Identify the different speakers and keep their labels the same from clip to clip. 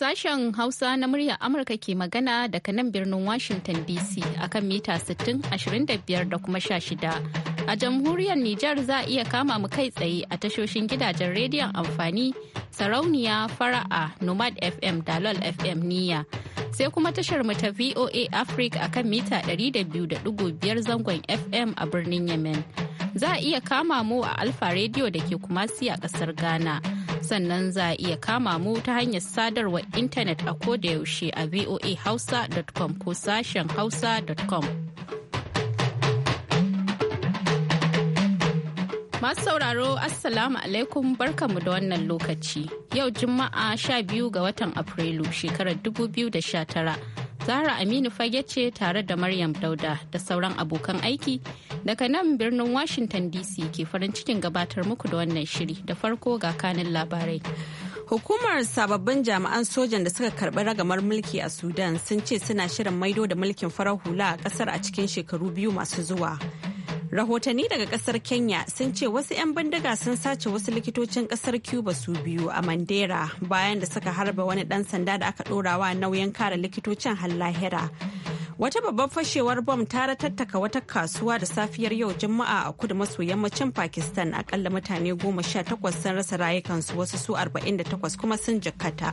Speaker 1: Sashen Hausa na muryar Amurka ke magana daga nan birnin Washington DC akan mita 60, 25 da kuma 16. A jamhuriyar Nijar za a iya kama mu kai tsaye a tashoshin gidajen rediyon amfani sarauniya fara'a Nomad FM da LOL FM niya. Sai kuma tashar mu ta VOA Africa akan mita 200.5 zangon FM a birnin Yemen. Za a iya kama mu a Alfa Radio da ke kumasi a ƙasar Ghana. sannan za a iya kama mu ta hanyar sadarwar intanet a ko da yaushe a voahausa.com ko sashen hausa.com. Masu sauraro Assalamu alaikum barkanmu da wannan lokaci. Yau Juma'a 12 ga watan Afrilu shekarar 2019. Zara Aminu fage ce tare da Maryam Dauda da sauran abokan aiki daga nan birnin Washington DC ke farin cikin gabatar muku da wannan shiri da farko ga kanin labarai. Hukumar sababbin jami'an sojan da suka karbi ragamar mulki a Sudan sun ce suna
Speaker 2: shirin maido da mulkin farar hula a kasar a cikin shekaru biyu masu zuwa. rahotanni daga kasar kenya sun ce wasu 'yan bindiga sun sace wasu likitocin kasar cuba su biyu a mandera bayan da suka harba wani dan sanda da aka dorawa nauyin kare likitocin hallahira wata babbar fashewar bom ta ratattaka wata kasuwa da safiyar yau juma'a a kudu maso yammacin pakistan akalla mutane goma sha takwas sun rasa rayukansu wasu su arba'in 48 kuma sun jikkata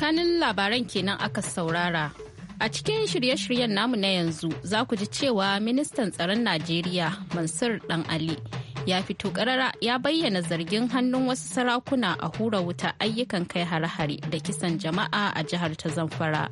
Speaker 1: kanin labaran kenan aka saurara A cikin shirye-shiryen namu na yanzu za ku ji cewa ministan tsaron Najeriya Mansur Dan Ali ya fito karara ya bayyana zargin hannun wasu sarakuna a hura wuta ayyukan kai hare-hare da kisan jama'a a jihar ta Zamfara.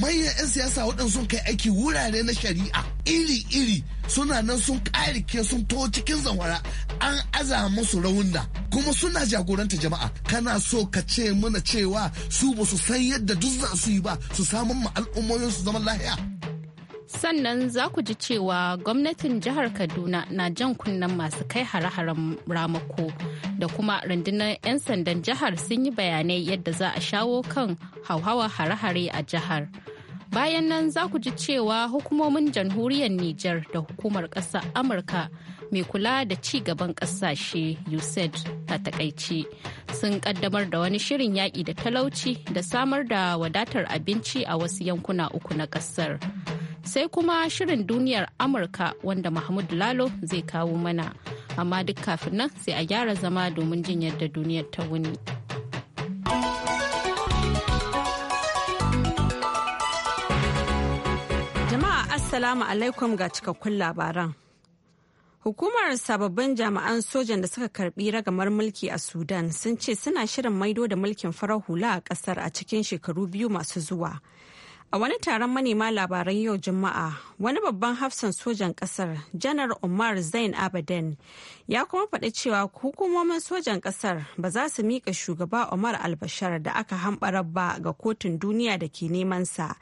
Speaker 3: manyan 'yan siyasa waɗanda sun kai aiki wurare na shari'a iri-iri suna nan sun ƙarike sun to cikin zamfara an aza musu raunda kuma suna jagoranta jama'a kana so ka ce mana cewa su ba su san yadda duk za su yi ba su samun ma
Speaker 1: al'ummomin su zaman lahiya sannan za ku ji cewa gwamnatin jihar kaduna na jan kunnen masu kai hare-haren ramako da kuma rundunar 'yan sandan jihar sun yi bayanai yadda za a shawo kan hauhawa hare-hare a jihar bayan nan za ku ji cewa hukumomin jamhuriyar niger da hukumar ƙasa amurka mai kula da ci gaban ƙasashe usaid a takaici sun kaddamar da wani shirin yaƙi da talauci da samar da wadatar abinci a wasu yankuna uku na ƙasar. sai kuma shirin duniyar Amurka wanda Mahmud Lalo zai kawo mana. Amma duk kafin nan sai a gyara zama domin jin yadda duniyar ta wuni.
Speaker 2: Jama'a Assalamu alaikum ga cikakkun labaran. Hukumar sababbin jami'an sojan da suka karbi ragamar mulki a Sudan sun ce suna shirin maido da mulkin farar hula a kasar a cikin shekaru biyu masu zuwa A wani taron manema labaran yau Juma'a, wani babban hafsan sojan kasar Janar Omar Zain Abadan, ya kuma faɗi cewa hukumomin sojan kasar ba za su miƙa shugaba Omar Albashar da aka hambara ba ga kotun duniya da ke neman sa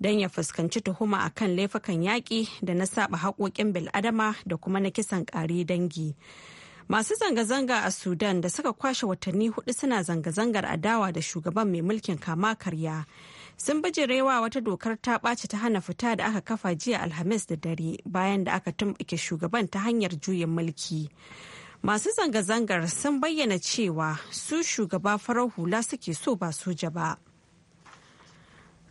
Speaker 2: don ya fuskanci tuhuma a kan laifukan yaƙi da na saba haƙoƙin bil'adama da kuma na kisan ƙare dangi. Masu zanga-zanga a Sudan da suka kwashe watanni hudu suna zanga-zangar adawa da shugaban mai mulkin kama karya. sun bijirewa wata dokar ta ɓaci ta hana fita da aka kafa jiya alhamis da dare bayan da aka tumɓuke shugaban ta hanyar juyin mulki masu zanga-zangar sun bayyana cewa su shugaba farar hula suke so ba soja ba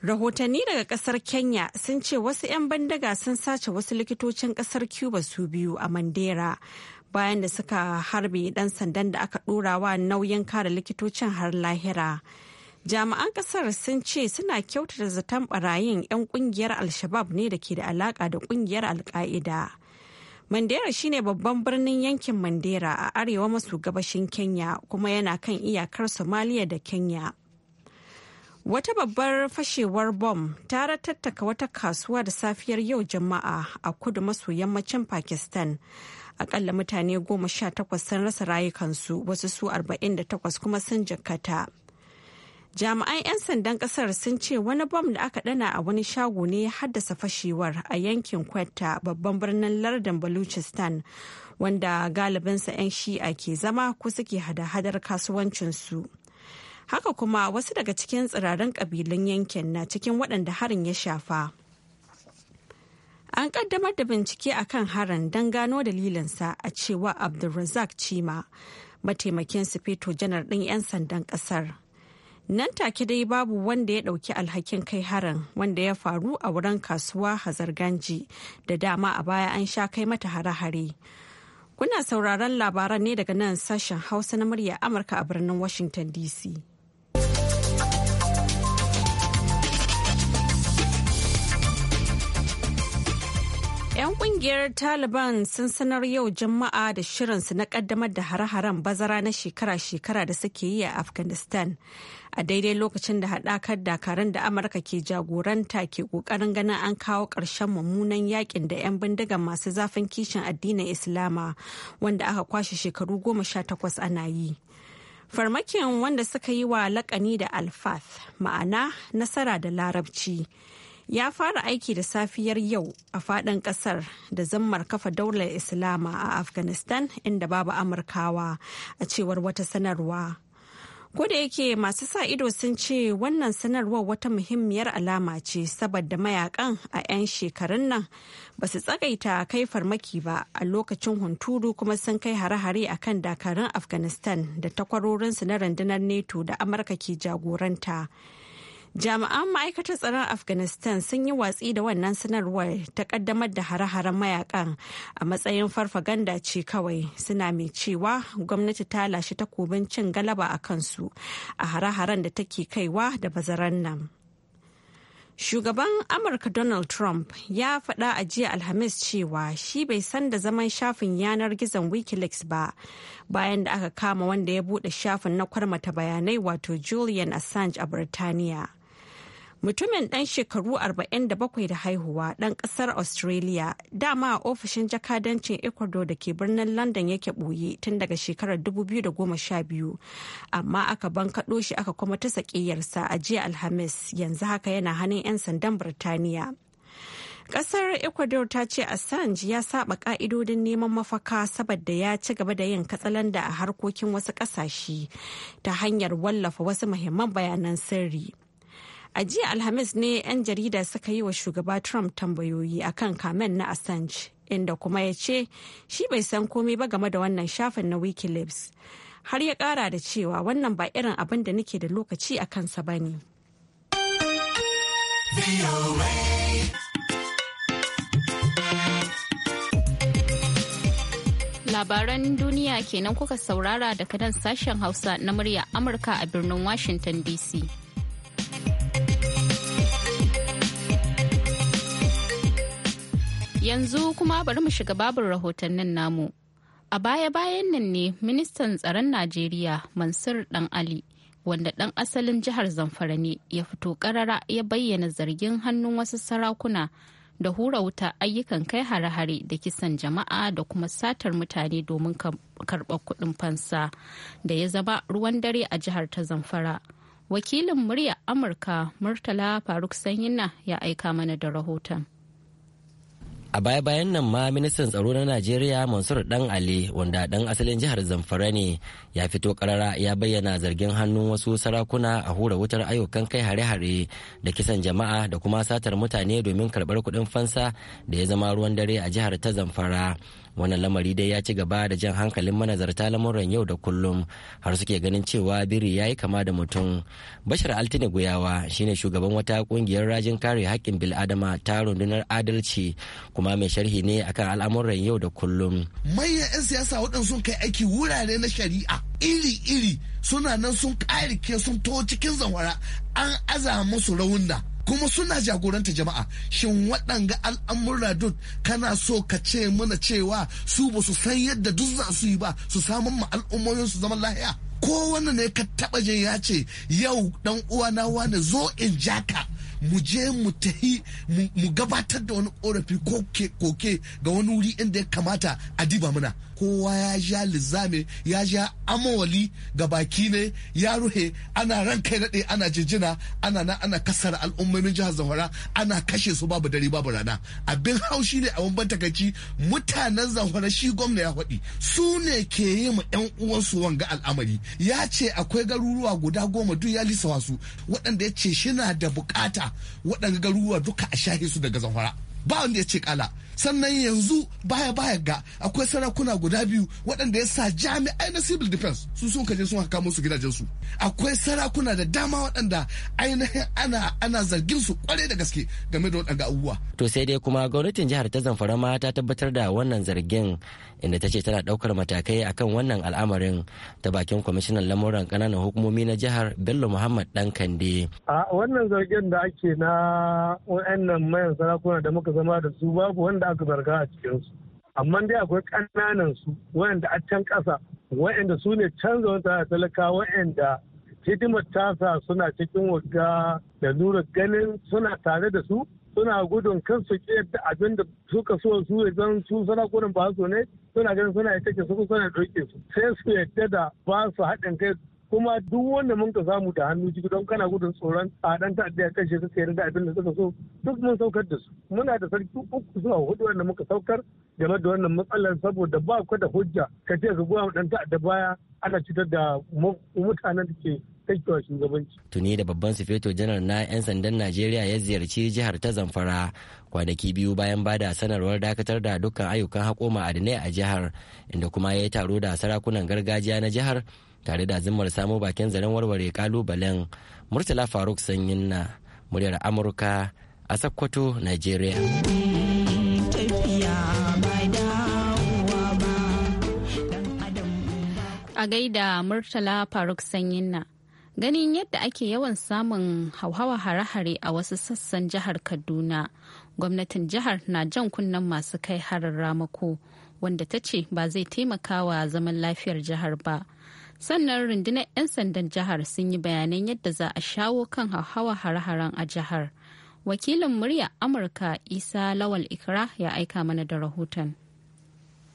Speaker 2: rahotanni daga kasar kenya sun ce wasu 'yan bandaga sun sace wasu likitocin kasar cuba su biyu a mandera bayan da suka harbe dan sandan da aka dorawa nauyin kare likitocin har lahira. jami'an kasar sun ce suna kyautata zaton barayin 'yan kungiyar al-shabab ne da ke da alaka da kungiyar al-qaida mandera shine babban birnin yankin mandera a arewa maso gabashin kenya kuma yana kan iyakar Somalia da kenya Wata babbar fashewar bom ta ratattaka wata kasuwa da safiyar yau jama'a a kudu maso yammacin Pakistan. Akalla mutane goma sha takwas sun rasa rayukansu wasu su arba'in da takwas kuma sun jikkata. jami'an 'yan sandan kasar sun ce wani bom da aka dana a wani shago ne ya haddasa fashewar a yankin kwetta babban birnin lardin baluchistan wanda galibinsa 'yan shi'a ke zama ko suke hada-hadar kasuwancinsu haka kuma wasu daga cikin tsirarin kabilun yankin na cikin waɗanda harin ya shafa an kaddamar da bincike a kan harin don gano dalilinsa a cewa abdulrazak chima mataimakin sufeto janar ɗin 'yan sandan ƙasar nan take dai babu wanda ya ɗauki alhakin kai harin wanda ya faru a wurin kasuwa hazarganji da dama a baya an sha kai mata hare-hare kuna sauraron labaran ne daga nan sashen hausa na murya amurka a birnin washington dc ƙungiyar Taliban sun sanar yau Juma'a da shirinsu na ƙaddamar da hare-haren bazara na shekara-shekara da suke yi a Afghanistan. A daidai lokacin da haɗakar dakarun da Amurka ke jagoranta ke ƙoƙarin ganin an kawo ƙarshen mummunan yakin da 'yan bindigan masu zafin kishin addinin Islama wanda aka kwashe shekaru goma sha takwas ana yi. Farmakin wanda suka yi wa laƙani da alfath ma'ana nasara da larabci. ya fara aiki da safiyar yau a faɗin ƙasar da zammar kafa daular islama a afghanistan inda babu amurkawa a cewar wata sanarwa da yake masu sa ido sun ce wannan sanarwar wata muhimmiyar alama ce saboda mayakan a 'yan shekarun nan ba su tsagaita kai farmaki ba a lokacin hunturu kuma sun kai hare-hare a kan dakarun afghanistan da takwarorinsu na rundunar neto da amurka ke jagoranta Jami'an ma'aikatar tsaron Afghanistan sun yi watsi da wannan sanarwar ta kaddamar da hare-haren mayakan a matsayin farfaganda ce kawai suna mai cewa gwamnati ta lashe takobin cin galaba a kansu a hare-haren da take kaiwa da bazaran nan. Shugaban Amurka Donald Trump ya faɗa a jiya Alhamis cewa shi bai san da zaman shafin yanar gizon Wikileaks ba bayan da aka kama wanda ya buɗe shafin na kwarmata bayanai wato Julian Assange a Burtaniya. Mutumin ɗan shekaru 47 da haihuwa ɗan ƙasar Australia dama a ofishin jakadancin Ecuador da ke birnin London yake ɓoye tun daga shekarar 2012 amma aka bankaɗo shi aka kuma ta sakiyarsa a jiya Alhamis yanzu haka yana hannun 'yan sandan Birtaniya. Kasar Ecuador ta ce Assange ya saba ka'idodin neman mafaka saboda ya ci gaba da yin katsalanda a harkokin wasu kasashe ta hanyar wallafa wasu muhimman bayanan sirri. A jiya Alhamis ne 'yan jarida suka yi wa shugaba Trump tambayoyi akan kamen na Assange inda kuma ya ce shi bai san komai ba game da wannan shafin na Wikileaks. Har ya kara da cewa wannan ba irin abin da nake da lokaci a kansa ba ne.
Speaker 1: Labaran duniya kenan kuka saurara daga nan sashen Hausa na murya Amurka a birnin Washington DC. Yanzu kuma bari mu shiga babin rahotannin namu. A baya-bayan nan ne ministan tsaron Najeriya Mansur Dan Ali wanda ɗan asalin jihar Zamfara ne ya fito ƙarara ya bayyana zargin hannun wasu sarakuna da hura wuta ayyukan kai hare-hare da kisan jama'a da kuma satar mutane domin karɓar kuɗin fansa da ya zama ruwan dare a jihar ta Zamfara. Wakilin murya Amurka Murtala Faruk Sanyina ya aika mana da rahoton.
Speaker 4: a baya-bayan nan ma ministan tsaro na najeriya mansur dan ali wanda dan asalin jihar zamfara ne ya fito karara ya bayyana zargin hannun wasu sarakuna a hura wutar ayyukan kai hare-hare da kisan jama'a da kuma satar mutane domin karɓar kuɗin fansa da ya zama ruwan dare a jihar ta zamfara wannan lamari dai ya ci gaba da jan hankalin manazarta lamuran yau da kullum har suke ganin cewa biri ya yi kama da mutum bashar altine guyawa shine shugaban wata kungiyar rajin kare haƙƙin bil'adama ta rundunar adalci kuma mai sharhi ne akan al'amuran yau da kullum.
Speaker 3: Manyan 'yan siyasa waɗanda sun kai aiki wurare na shari'a iri-iri suna nan sun ƙarike sun to cikin zawara an aza musu raunna. kuma suna jagoranta jama'a shin waɗanga al'amura duk kana so ka ce mana cewa su ba su san yadda duk za su yi ba su samun ma al'ummomin su zaman lahiya ko wani ne ka taɓa jin ya ce yau ɗan uwa na wani zo in jaka mu je mu tahi mu gabatar da wani korafi koke ga wani wuri inda ya kamata a diba muna kowa ya ja lizame ya ja amawali ga baki ne ya ruhe ana ran kai daɗe ana jijina ana na ana kasar al'ummomin jihar zamfara ana kashe su babu dare babu rana abin haushi ne a wani takaici mutanen zamfara shi gwamna ya faɗi su ne ke yi ma yan uwansu wanga al'amari ya ce akwai garuruwa guda goma duk ya lisa su waɗanda ya ce shina da buƙata. waɗanga garuruwa duka a shahe su daga zamfara ba wanda ya ce kala sannan yanzu baya baya ga akwai sarakuna guda biyu waɗanda ya sa jami'ai na civil defense su sun kaje sun haka musu gidajensu akwai sarakuna da dama waɗanda ainihin ana ana zargin su kwarai da gaske game da waɗanda abubuwa
Speaker 4: to sai dai kuma gwamnatin jihar ta zamfara ma ta tabbatar da wannan zargin inda ta ce tana ɗaukar matakai akan wannan al'amarin ta bakin kwamishinan lamuran ƙananan hukumomi na jihar bello muhammad dan kande a wannan zargin da ake na
Speaker 5: wa'annan mayan sarakuna da muka aka zama da su babu wanda aka zarga a cikinsu amma dai akwai ƙananan su wayanda a can ƙasa wayanda su ne canza wata a talaka wayanda hidimar tasa suna cikin wagga da nura ganin suna tare da su suna gudun kansu ke yadda abin da suka so su zan su suna gudun ba su ne suna ganin suna ita ke suka suna doke su sai su yadda da ba su haɗin kai kuma duk wanda mun ka samu da hannu ciki don kana gudun tsoron tsadan ta kan kashe su sai da abin da suka so duk mun saukar da su muna da sarki uku zuwa hudu wanda muka saukar game da wannan matsalar saboda ba ku da hujja ka ce ka goya dan ta'adda baya ana cutar da mutanen da ke
Speaker 4: shugabanci. Tuni da babban sufeto janar na 'yan sandan Najeriya ya ziyarci jihar ta Zamfara kwanaki biyu bayan bada sanarwar dakatar da dukkan ayyukan a ma'adinai a jihar inda kuma ya yi taro da sarakunan gargajiya na jihar tare da azumar samo bakin zaren warware kalubalen murtala faruk sanyin na muryar amurka a sakkwato nigeria
Speaker 1: a gaida murtala faruk sanyin na ganin yadda ake yawan samun hauhawa hare-hare a wasu sassan jihar kaduna gwamnatin jihar na jan kunnen masu kai harin ramako wanda ta ce ba zai taimaka wa zaman lafiyar jihar ba sannan rundunar 'yan sandan jihar sun yi bayanan yadda za a shawo kan hauhawa hare-haren a jihar wakilin murya amurka isa lawal ikra ya aika mana da rahoton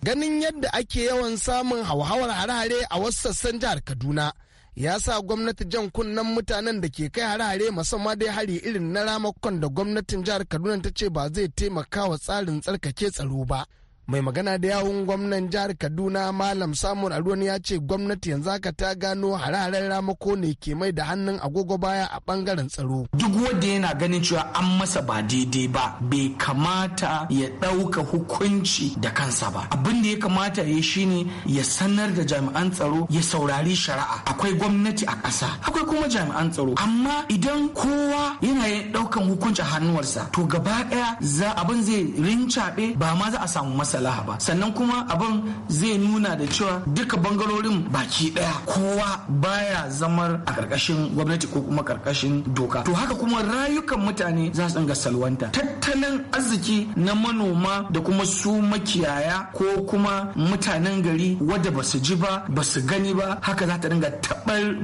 Speaker 1: ganin
Speaker 6: yadda ake yawan samun hauhawar hare-hare a wasu sassan jihar kaduna ya sa gwamnati jan kunnen mutanen da ke kai hare-hare musamman dai hari irin na ramakon da gwamnatin jihar kaduna ta ce ba zai taimaka wa tsarin tsarkake tsaro ba mai magana da yawun gwamnan jihar kaduna malam samun aruwan ya ce gwamnati yanzu haka ta gano hararen ramako ne ke mai da hannun agogo baya a bangaren tsaro
Speaker 7: duk wanda yana ganin cewa an masa ba daidai ba bai kamata ya ɗauka hukunci da kansa ba abin da ya kamata ya shine ya sanar da jami'an tsaro ya saurari shari'a akwai gwamnati a ƙasa akwai kuma jami'an tsaro amma idan kowa yana yin ɗaukan hukunci a hannuwarsa to gaba ɗaya abin zai rincabe ba ma za a samu masa salaha ba sannan kuma abin zai nuna da cewa duka bangarorin baki daya kowa baya zamar a karkashin gwamnati ko kuma karkashin doka to haka kuma rayukan mutane za su dinga salwanta tattalin arziki na manoma da kuma su makiyaya ko kuma mutanen gari wadda ba su ji ba ba su gani ba haka za ta dinga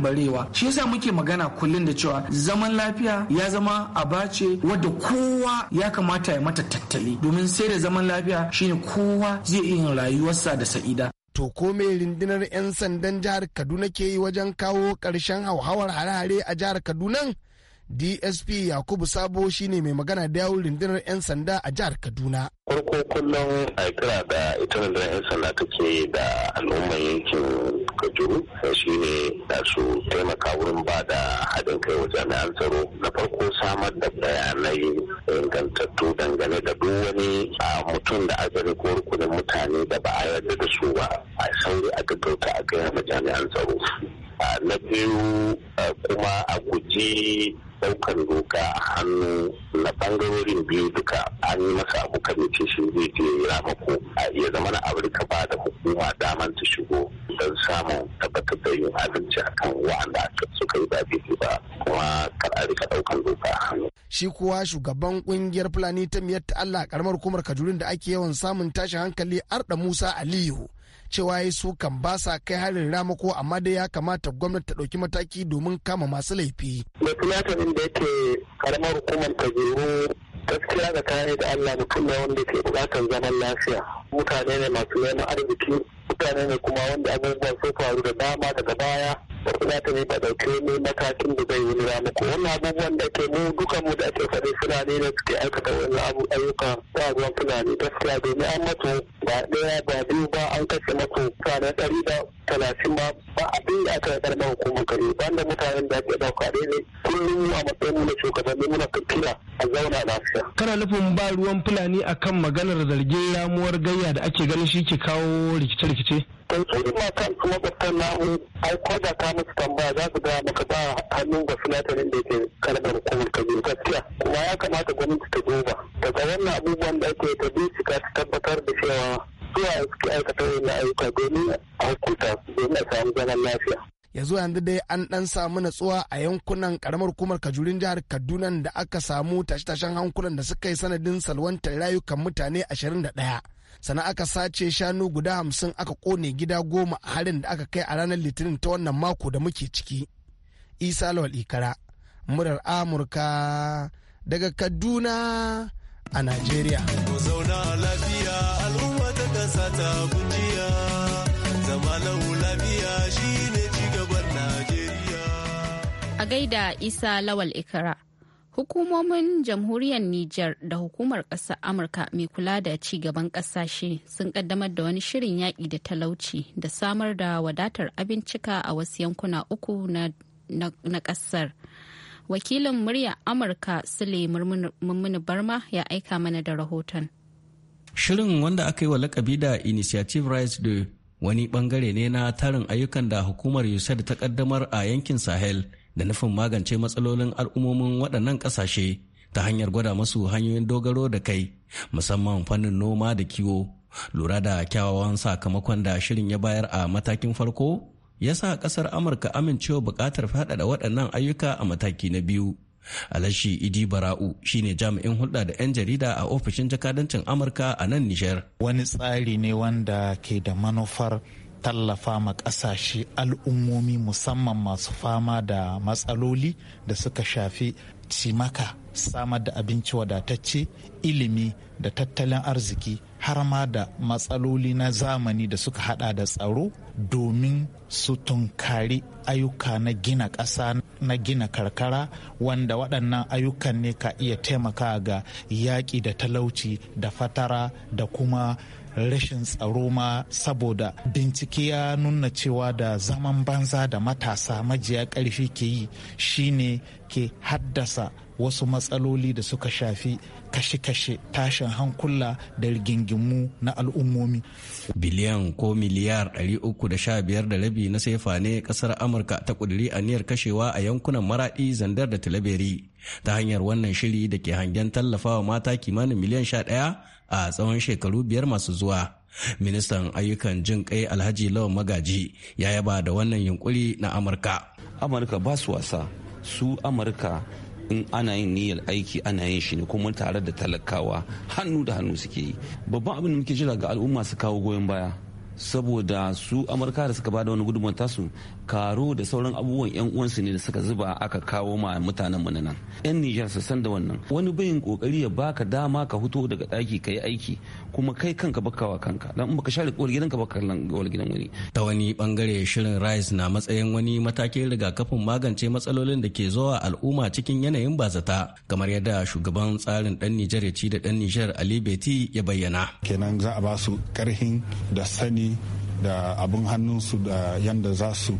Speaker 7: barewa shi yasa muke magana kullum da cewa zaman lafiya ya zama a bace wadda kowa ya kamata ya mata tattali domin sai da zaman lafiya shine ko kowa zai iya rayuwarsa da sa'ida
Speaker 6: To ko mai rundunar 'yan sandan jihar Kaduna ke yi wajen kawo ƙarshen hauhawar hare-hare a jihar Kaduna? DSP Yakubu Sabo shine mai magana da yawun rundunar 'yan sanda a jihar Kaduna. Farko kullum a kira da ita rundunar 'yan sanda take da al'umman yankin Kajuru shi ne da su taimaka
Speaker 8: wurin ba da haɗin kai wa jami'an tsaro na farko samar da bayanai ingantattu dangane da duk wani a mutum da aka ko rukunin mutane da ba a yarda da su ba a sauri a gaggauta a gaya ma jami'an tsaro. na biyu kuma a guji daukan doka a hannu na bangarorin biyu duka an yi masa abu kan ce shi zai je ramako a iya zama na amurka ba da hukuma daman ta shigo don samun tabbatar da yin a kan wa'anda
Speaker 6: suka yi zaɓe ba kuma kar a rika daukan doka a hannu. shi kuwa shugaban kungiyar fulani ta miyar ta allah karamar hukumar kajurin da ake yawan samun tashin hankali arda musa aliyu cewa ya su kan ba sa kai harin ramako amma dai ya kamata gwamnati ta ɗauki mataki domin kama masu laifi. da da yake karamar hukumar ta gaskiya da kayan da allah mutum ne wanda ke bukatar zaman lafiya mutane ne masu neman arziki mutane ne kuma wanda abubuwan sun faru da dama daga baya da kuma ta ne ba dauke ne matakin da zai yi nuna muku wannan abubuwan da ke mu dukan mu da ake faɗi fulani ne suke aikata wani abu ayyuka ta ruwan fulani gaskiya domin an mato ba ɗaya ba biyu ba an kashe masu fulani ɗari da talatin ba ba abin da aka karɓar hukumar ban da mutanen da ake ɗauka ɗaya ne kullum mu a matsayin mu na shugabanni muna kira a zauna lafiya. kana nufin ba ruwan fulani akan maganar zargin ramuwar gayya tarayya da ake ganin shi ke kawo rikice-rikice?
Speaker 8: don ina kan kuma makwabtan namu ai ko da ka musu tambaya za su ga maka ba hannun ga sinatarin da yake kalmar
Speaker 6: ka biyu gaskiya kuma ya kamata gwamnati ta duba daga wannan abubuwan da ake ta bincika ta tabbatar da cewa zuwa suke aikata
Speaker 4: na ayyuka domin a hukunta domin a samu zaman lafiya.
Speaker 6: yanzu yanzu dai an ɗan samu natsuwa a yankunan karamar hukumar kajurin jihar kaduna da aka samu tashe-tashen hankulan da suka yi sanadin salwantar rayukan mutane da 21 sana aka sace shanu guda hamsin aka kone gida goma a harin da aka kai a ranar litinin ta wannan mako da muke ciki isa lawal ikara murar amurka daga kaduna a nigeria
Speaker 1: a gaida isa lawal ikara Hukumomin jamhuriyar Nijar da hukumar ƙasar Amurka mai kula da ci gaban ƙasashe sun ƙaddamar da wani shirin yaƙi da talauci da samar da wadatar abincika a wasu yankuna uku na ƙasar. Wakilin murya Amurka Sule Mummuni Barma ya aika mana da rahoton.
Speaker 8: Shirin wanda aka yi wa lakabi da Initiative Rights Day wani bangare ne na tarin ayyukan da hukumar USAID ta ƙaddamar a yankin Sahel. da nufin magance matsalolin al'ummomin waɗannan ƙasashe ta hanyar gwada masu hanyoyin dogaro da kai musamman fannin noma da kiwo lura da kyawawan sakamakon da shirin ya bayar a matakin farko ya sa ƙasar amurka amincewa buƙatar faɗaɗa waɗannan ayyuka a mataki na biyu alashi idi bara'u shine jami'in hulɗa da 'yan jarida a ofishin jakadancin amurka a nan nijar wani tsari ne wanda ke da
Speaker 6: manufar tallafa ma ƙasashe al'ummomi musamman masu fama da matsaloli da suka shafi cimaka samar da abinci wadatacce ilimi da tattalin arziki har ma da matsaloli na zamani da suka hada da tsaro domin su tunkari ayyuka na gina ƙasa na gina karkara wanda waɗannan ayyukan ne ka iya taimaka ga yaƙi da talauci da fatara da kuma rashin tsaro ma saboda bincike ya nuna cewa da zaman banza da matasa majiya ƙarfi ke yi shine ke haddasa wasu matsaloli da suka shafi kashe-kashe tashin hankula da rigingimu na al'ummomi.
Speaker 8: biliyan ko miliyar 315 da rabi na saifa ne kasar amurka ta kuduri aniyar kashewa a yankunan maradi zandar da talaberi ta hanyar wannan shiri da ke hangen tallafawa mata kimanin miliyan 11 a tsawon shekaru biyar masu zuwa ministan ayyukan jin kai alhaji lawan magaji ya yaba da wannan yunkuri na amurka amurka ba su wasa su amurka in ana yin niyyar aiki ana yin shi ne kuma tare da talakawa hannu da hannu suke yi babban abin da muke jira ga al'umma su kawo goyon baya saboda su amurka da suka bada wani gudunmawar tasu karo da sauran abubuwan yan uwansu ne da suka zuba aka kawo ma mutanen mu nan yan nijar su san da wannan wani bayin kokari ya baka dama ka fito daga daki kai aiki kuma kai kanka bakawa kanka dan in baka share kowar gidanka baka kallon gidan wani ta wani bangare shirin rice na matsayin wani matakin rigakafin magance matsalolin da ke zuwa al'umma cikin yanayin bazata kamar yadda shugaban tsarin dan nijar ya ci da dan nijar ali beti ya bayyana kenan za a ba su karhin da sani ne da abin hannunsu da yadda za su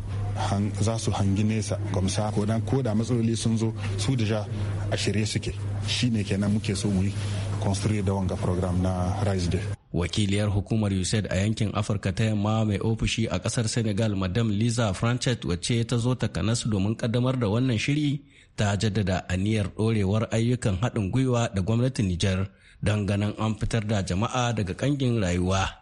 Speaker 8: za su hangi nesa gamsa ko dan ko da matsaloli sun zo su da a shirye suke shine kenan muke so mu yi construire da wanga program na rise day wakiliyar hukumar usaid a yankin afirka ta yamma mai ofishi a kasar senegal madam liza franchet wacce ta zo ta kanasu domin kaddamar da wannan shiri ta jaddada aniyar dorewar ayyukan haɗin gwiwa da gwamnatin nijar don ganin an fitar da jama'a daga kangin rayuwa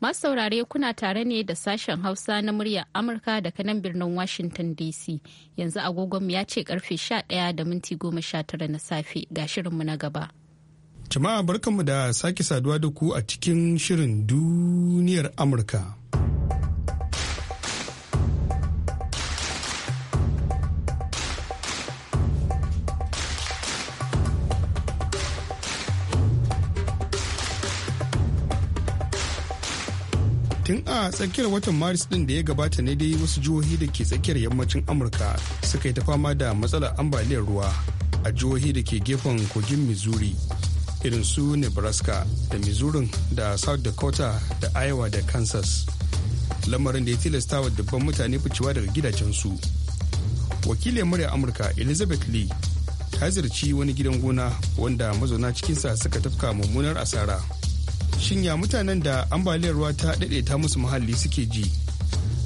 Speaker 1: Masu saurare kuna tare ne da sashen Hausa na muryar Amurka daga nan birnin Washington DC. Yanzu agogonmu ya ce karfe 11 da minti 19 na safe ga shirinmu na gaba.
Speaker 5: Jama'a barkanmu da sake saduwa da ku a cikin shirin duniyar Amurka. tun a tsakiyar watan maris din da ya gabata ne dai wasu jihohi da ke tsakiyar yammacin amurka suka yi ta fama da matsalar ambaliyar ruwa a jihohi da ke gefen kogin missouri irin su nebraska da missouri da south dakota da iowa da kansas lamarin da ya tilasta wa dubban mutane ficewa daga gidajensu wakilin murya amurka elizabeth lee ta ziyarci wani gidan gona wanda mazauna cikinsa suka tafka mummunar asara shinya mutanen da ambaliyar ruwa ta daɗe ta musu muhalli suke ji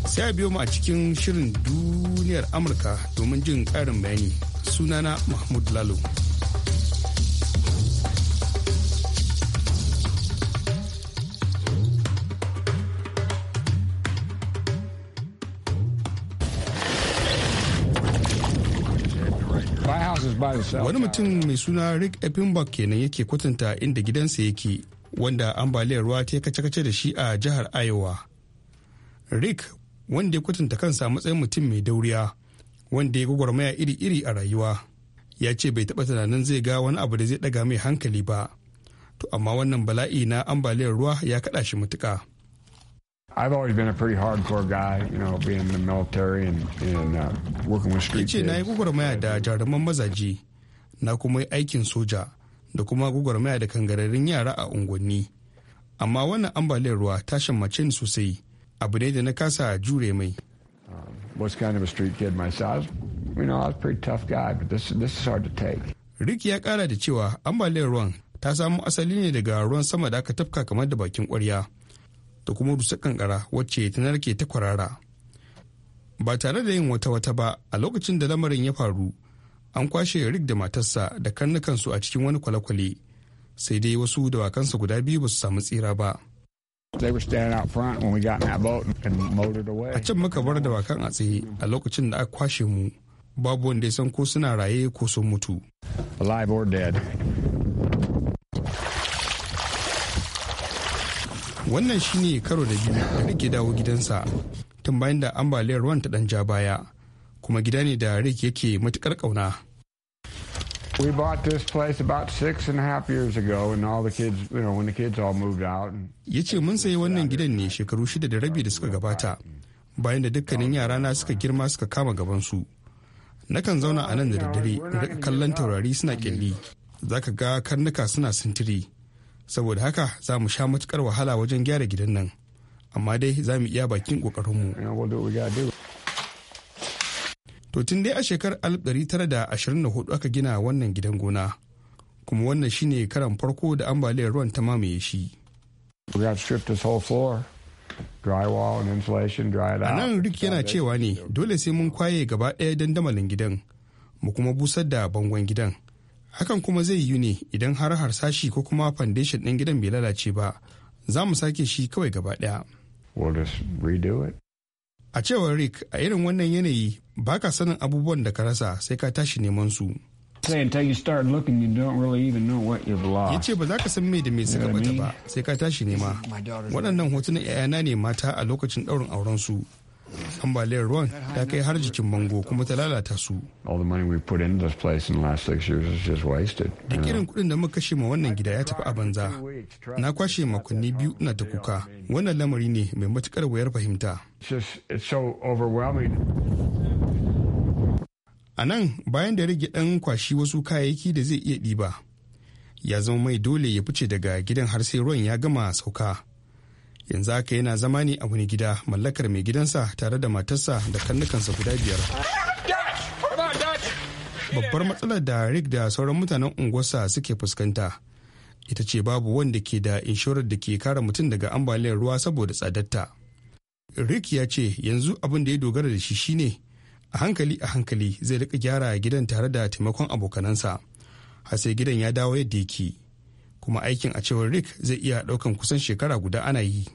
Speaker 5: sai a biyo mu a cikin shirin duniyar amurka domin jin ƙarin bayani sunana mahmud lalo wani mutum mai suna rick effenbach kenan yake kwatanta inda gidansa yake wanda ambaliyar ruwa ta kace-kace da shi a jihar Iowa. Rick wanda ya kwatanta kansa matsayin mutum mai dauriya wanda ya gwagwarmaya iri-iri a rayuwa ya ce bai taɓa tunanin zai ga wani abu da zai ɗaga mai hankali ba. To amma wannan bala'i na ambaliyar ruwa ya kaɗa shi matuƙa.
Speaker 4: I've always been a pretty hardcore guy, you know, being in the military
Speaker 5: and, and uh, working with street kids. na yi gwagwarmaya da jaruman mazaji, na kuma yi aikin soja. da kuma gwagwarmaya da kangararrun yara a unguwanni amma wannan ambaliyar ruwa ta shammace ni sosai abu ne da na kasa jure mai Rick ya kara da cewa ambaliyar ruwan ta samo asali ne daga ruwan sama da aka tafka kamar da bakin kwarya da kuma rusa kankara wacce ta narke ta kwarara. Ba tare da yin wata wata ba a lokacin da lamarin ya faru an kwashe rick da matarsa da karnukansu a cikin wani kwale-kwale sai dai wasu dawakansa guda biyu ba su samu tsira ba a can muka bar dawakan a tsaye a lokacin da aka kwashe mu babu wanda ya san ko suna raye ko sun mutu wannan shine karo da biyu da rike dawo gidansa tun bayan da ambaliyar ruwan ta dan ja baya kuma gida ne da Rick yake matukar kauna. Ya ce mun sayi wannan gidan ne shekaru shida da rabi da suka gabata, bayan da dukkanin yarana suka girma suka kama gabansu. Nakan zauna a nan da daddare, daga kallon taurari suna kyalli, za ka ga karnuka suna sintiri. Saboda haka za mu sha matukar wahala wajen gyara gidan nan, amma dai za mu iya bakin ƙoƙarinmu. to tun dai a shekarar 1924 aka gina wannan gidan gona kuma wannan shine karan farko da ambaliyar ruwan ta mamaye shi a nan rick yana cewa ne dole sai mun kwaye gaba ɗaya dandamalin gidan mu kuma busar da bangon gidan hakan kuma zai yi ne idan har harsashi ko kuma foundation ɗin gidan bai lalace ba za mu sake shi kawai gaba ɗaya. a cewar rick a irin wannan yanayi baka sanin abubuwan da ka rasa sai ka tashi neman su ya ce ba za ka san mai da mai suka bata ba sai ka tashi nema waɗannan hotunan 'ya'yana ne mata a lokacin ɗaurin auren su ambaliyar ruwan ta kai har jikin bango kuma ta lalata su da kirin kudin da muka kashe ma wannan gida ya tafi a banza na kwashe makonni biyu ina ta kuka wannan lamari ne mai matukar wayar fahimta a nan bayan da rage ɗan kwashi wasu kayayyaki da zai iya ɗiba ya zama mai dole ya fice daga gidan har sai ruwan ya gama sauka yanzu haka yana zama ne a wani gida mallakar mai gidansa tare da matarsa da karnukansa guda biyar babbar matsalar da rick da sauran mutanen unguwarsa suke fuskanta ita ce babu wanda ke da inshorar da ke kare mutum daga ambaliyar ruwa saboda tsadarta rick ya ce yanzu abin da ya dogara da shi shine a hankali a hankali zai rika gyara gidan tare da taimakon abokanansa har sai gidan ya dawo yadda yake kuma aikin a cewar rick zai iya daukan kusan shekara guda ana yi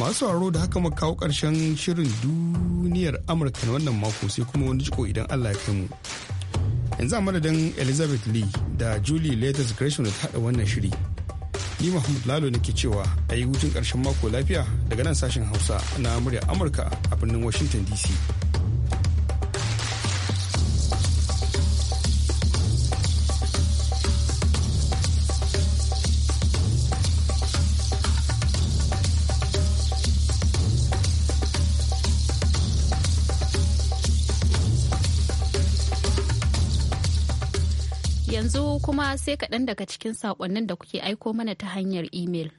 Speaker 5: masu sauraro da haka muka kawo karshen shirin duniyar amurka na wannan mako sai kuma wani jiko idan allah ya kai mu yanzu a madadin elizabeth lee da julie latest gresham da ta haɗa wannan shiri ni Mahmud Lalo nake cewa a yi hutun ƙarshen mako lafiya daga nan sashen Hausa na murya Amurka a birnin Washington DC.
Speaker 1: kuma sai kaɗan daga cikin saƙonnin da kuke aiko mana ta hanyar imel.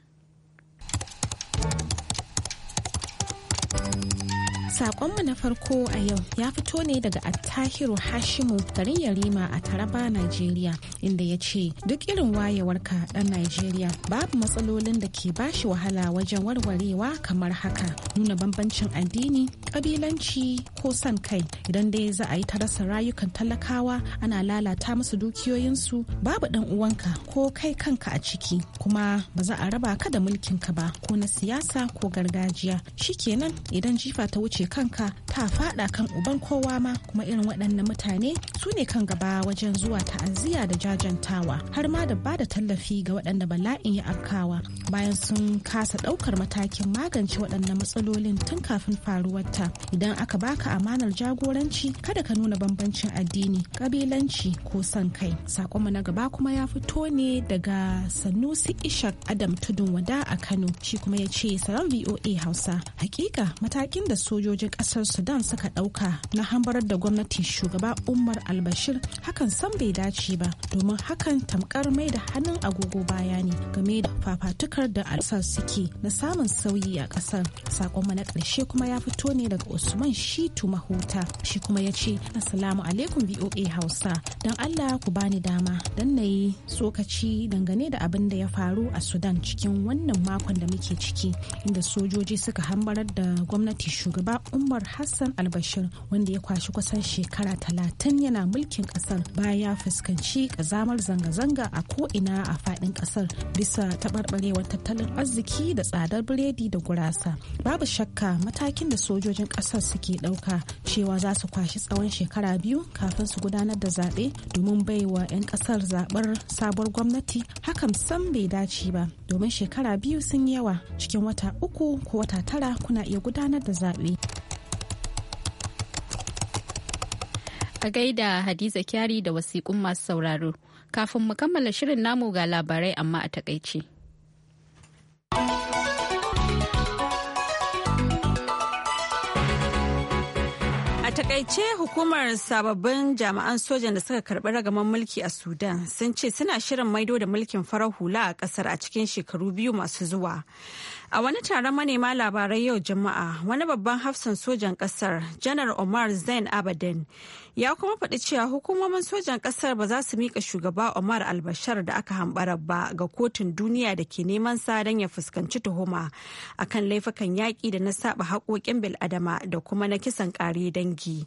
Speaker 9: Sakonmu na farko a yau ya fito ne daga Attahiru Hashimu garin Yarima a Taraba, Najeriya, inda ya ce duk irin wayewar ka ɗan Najeriya babu matsalolin da ke bashi wahala wajen warwarewa kamar haka nuna bambancin addini, kabilanci ko son kai idan dai za a yi ta rasa rayukan talakawa ana lalata musu dukiyoyinsu babu dan uwanka ko kai kanka a ciki kuma ba za a raba ka da mulkinka ba ko na siyasa ko gargajiya shi shikenan idan jifa ta wuce kanka ta fada kan uban kowa ma kuma irin waɗannan mutane su ne kan gaba wajen zuwa ta'aziyya da jajantawa har ma da bada tallafi ga waɗanda bala'in ya afkawa bayan sun kasa ɗaukar matakin magance waɗannan matsalolin tun kafin faruwarta idan aka baka amanar jagoranci kada ka nuna bambancin addini kabilanci ko son kai sakonmu na gaba kuma ya fito ne daga sanusi ishak adam tudun wada a kano shi kuma ya ce salam voa hausa hakika matakin da sojoji sojojin kasar sudan suka dauka na hambarar da gwamnatin shugaba umar albashir hakan san bai dace ba domin hakan tamkar mai da hannun agogo baya ne game da fafatukar da alsar suke na samun sauyi a kasar sakonmu na karshe kuma ya fito ne daga usman shitu mahuta shi kuma ya ce asalamu alaikum voa hausa don allah ku bani dama don na yi tsokaci dangane da abin da ya faru a sudan cikin wannan makon da muke ciki inda sojoji suka hambarar da gwamnati shugaba Umar Hassan Albashir wanda ya kwashi kusan shekara talatin yana mulkin kasar baya fuskanci kazamar zanga-zanga a ko'ina a faɗin kasar bisa taɓarɓarewar tattalin arziki da tsadar biredi da gurasa. Babu shakka matakin da sojojin kasar suke ɗauka cewa za su kwashi tsawon shekara biyu kafin su gudanar da zaɓe domin baiwa 'yan ƙasar zaɓar sabuwar gwamnati hakan sam bai dace ba domin shekara biyu sun yawa cikin wata uku ko wata tara kuna iya gudanar da zaɓe.
Speaker 1: A gaida Hadiza Kyari da wasiƙun masu sauraro, kafin mu kammala shirin namu ga labarai amma a takaice.
Speaker 2: takaice hukumar sababbin jami'an sojan da suka karbi ragaman mulki a Sudan sun ce suna shirin maido da mulkin farar hula a kasar a cikin shekaru biyu masu zuwa. A wani taron manema labarai yau Juma'a wani babban hafsan sojan kasar janar Omar Zain Abadan ya kuma faɗi cewa hukumomin sojan ƙasar ba za su miƙa shugaba Omar al-Bashir da aka hambara ba ga kotun duniya da ke neman sa don ya fuskanci tuhuma akan laifukan yaƙi da na saba haƙoƙin bil'adama da kuma na kisan ƙare dangi.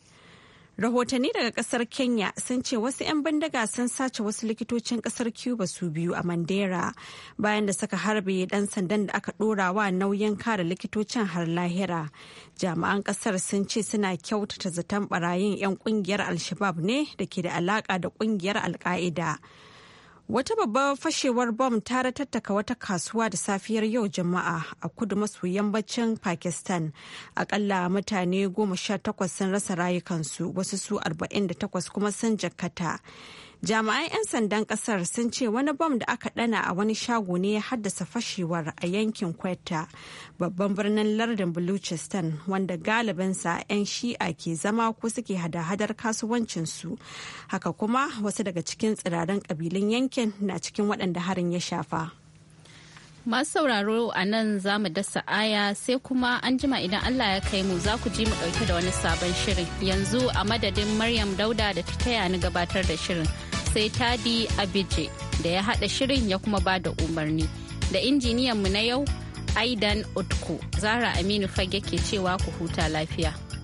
Speaker 2: rahotanni daga kasar kenya sun ce wasu 'yan bandaga sun sace wasu likitocin kasar cuba su biyu a mandera bayan da suka harbe dan sandan da aka dora wa nauyin kare likitocin har lahira jami'an kasar sun ce suna kyautata zaton barayin 'yan kungiyar alshabab ne da ke da alaka da kungiyar alka'ida Wata babbar fashewar bom ta ratattaka wata kasuwa da safiyar yau jama'a a kudu maso yammacin Pakistan. Akalla mutane goma sha takwas sun rasa rayukansu wasu su arba'in da takwas kuma sun jakkata. jami'an 'yan sandan kasar sun ce wani bom da aka dana a wani shago ne ya haddasa fashewar a yankin kweta babban birnin lardin baluchistan wanda galibinsa 'yan shi'a ke zama ko suke hada-hadar kasuwancinsu haka kuma wasu daga cikin tsirarin kabilun yankin na cikin waɗanda harin ya shafa
Speaker 1: masu sauraro a nan za mu dasa aya sai kuma an jima idan allah ya kai mu za ku ji mu ɗauke da wani sabon shirin yanzu a madadin maryam dauda da ta taya ni gabatar da shirin sai Tadi Abije da ya hada shirin ya kuma ba da umarni. Da injiniyan mu na yau, Aidan Otku, Zara Aminu Fage ke cewa ku huta lafiya.